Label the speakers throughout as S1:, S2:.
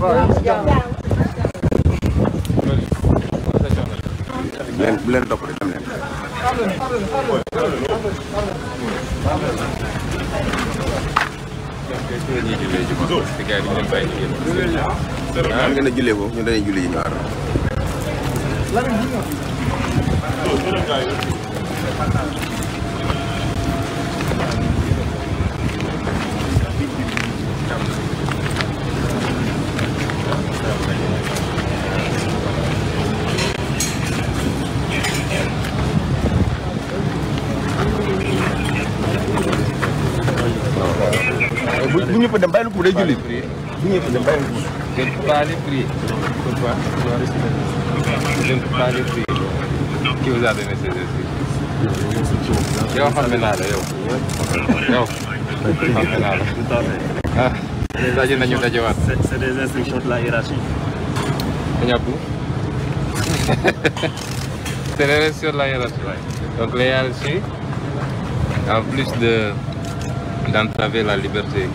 S1: bu leen bu leen topp de dem leen.
S2: ah ngeen a jullee ko ñu dañuy julli yi ñu ànd.
S1: ñëpp dem bàyyi ko day julli bu
S2: ñëpp dem bàyyi ko kenn pas les prier qui vous a donné ces excuses yow xam naa la yow yow xam naa la ah daje nañu dajewaat c'est des instructions de la hiérarchie ñàpp c'est des instructions de la hiérarchie donc la hiérarchie en plus de d'entraver la liberté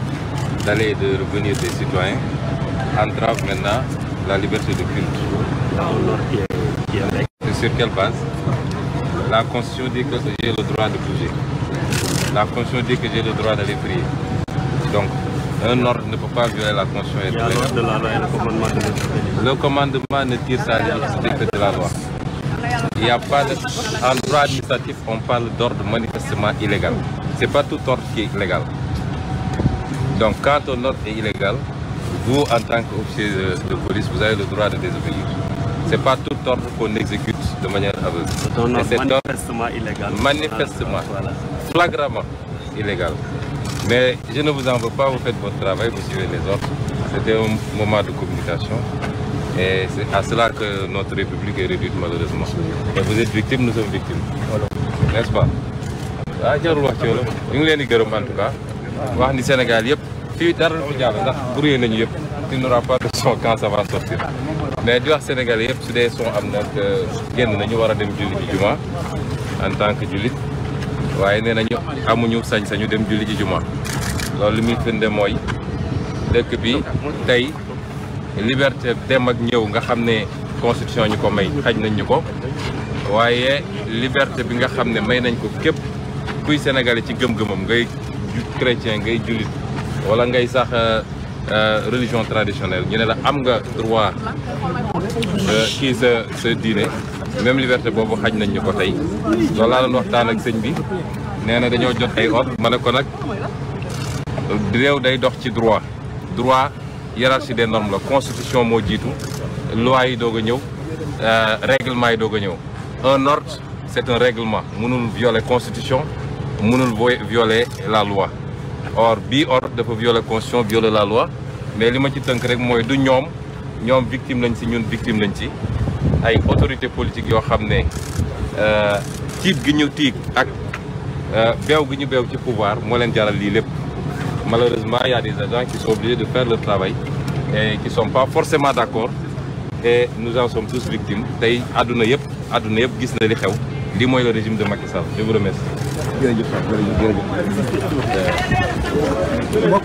S2: d'aller et de revenir des citoyens entrave maintenant la liberté de culte. Et sur quelle base La Constitution dit que j'ai le droit de bouger. La Constitution dit que j'ai le droit d'aller prier. Donc, un ordre ne peut pas violer la Constitution. Et de la loi et le commandement de la loi.
S1: Il n'y a pas de... En
S2: droit administratif, on parle d'ordre manifestement illégal. C'est pas tout ordre qui est Donc quand un ordre est illégal, vous, en tant qu'officier de, de, police, vous avez le droit de désobéir. Ce n'est pas tout ordre qu'on exécute de manière aveugle. C'est un ah, flagramment illégal. Mais je ne vous en pas, vous faites votre travail, vous suivez les ordres. C'était un moment de communication. Et à cela que notre République est réduite malheureusement. Et vous êtes victime, nous sommes victimes. N'est-ce pas ah jarul wax ci loolu ñu ngi leen di gërëm wax ni Sénégal yëpp fii dara du jàll ndax brouillé nañu yëpp il n'aura pas de son quand ça va sortir mais di wax Sénégalais yëpp su dee son am na génn nañu war a dem julli ji juma en tant que jullit waaye nee nañu amuñu sañ-sañu dem julli ji juma loolu li muy firnde mooy dëkk bi tey liberté dem ak ñëw nga xam ne constitution ñu ko may xaj nañ ñu ko waaye liberté bi nga xam ne may nañ ko képp kuy sénégalais ci gëm-gëmam ngay chrétien ngay jullit wala ngay sax euh, euh, religion traditionnelle ñu ne la am nga droit kii euh, sa sa diine même liberté boobu xaj nañ ñu ko tey loolu laa waxtaan ak sëñ bi nee na dañoo jot ay ordre ma ne ko nag réew day dox ci droit droit hiérarchie des normes la constitution moo jiitu loi yi doog a ñëw règlement yi doog a ñëw un ordre c'est un règlement mënul violer constitution mënul violer la loi or bii or dafa violer constitution violer la loi mais li ma ci tënk rek mooy du ñoom ñoom victime lañ si ñun victime lañ si ay autorité politique yoo xam ne euh, tiit gi ñu tiig ak euh, beew gi ñu beew ci pouvoir moo leen jaral lii lépp malheureusement il a des agents qui sont obligés de faire leur travail et qui sont pas forcément d'accord et nous en sommes tous victimes tey àdduna yëpp àdduna yëpp gis na li xew lii mooy le régime de Macky Sall je vous remercie. jërëjëf euh,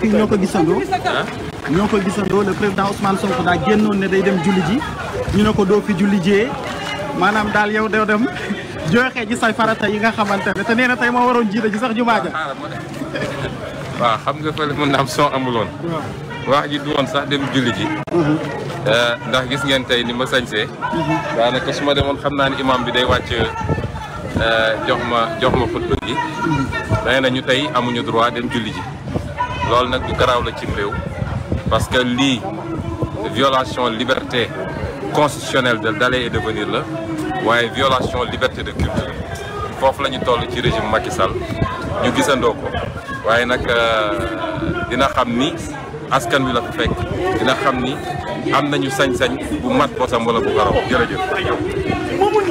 S1: yi ñoo ko gisandoo. ñoo ko gisandoo le président Ousmane Sonko daa génnoon ne day dem julli ji ñu ne ko doo fi julli jiyee maanaam daal yow doo dem joxee ji say farata yi nga xamante ne te nee na tey moo waroon jiite ji sax jumaa ja.
S2: waaw xam nga fële mën na am son amuloon. wax ji du woon sax dem julli ji. Mhm. Euh, ndax gis ngeen tey ni ma sañsee. Mhm. daanaka su ma demoon xam naa ne imam bi day wàcc. Euh, jox ma jox ma football gi nee na tey amuñu droit dem julli ji loolu nag du garaaw la cim réew parce que lii violation liberté constitutionnelle de d'aller et de la waaye violation liberté de culte foofu la ñu toll ci régime Macky Sall ñu gisandoo ko waaye nag euh, dina xam ni askan bi la fa fekk dina xam ni am nañu sañ-sañ bu mat bosam wala bu garaw jërëjëf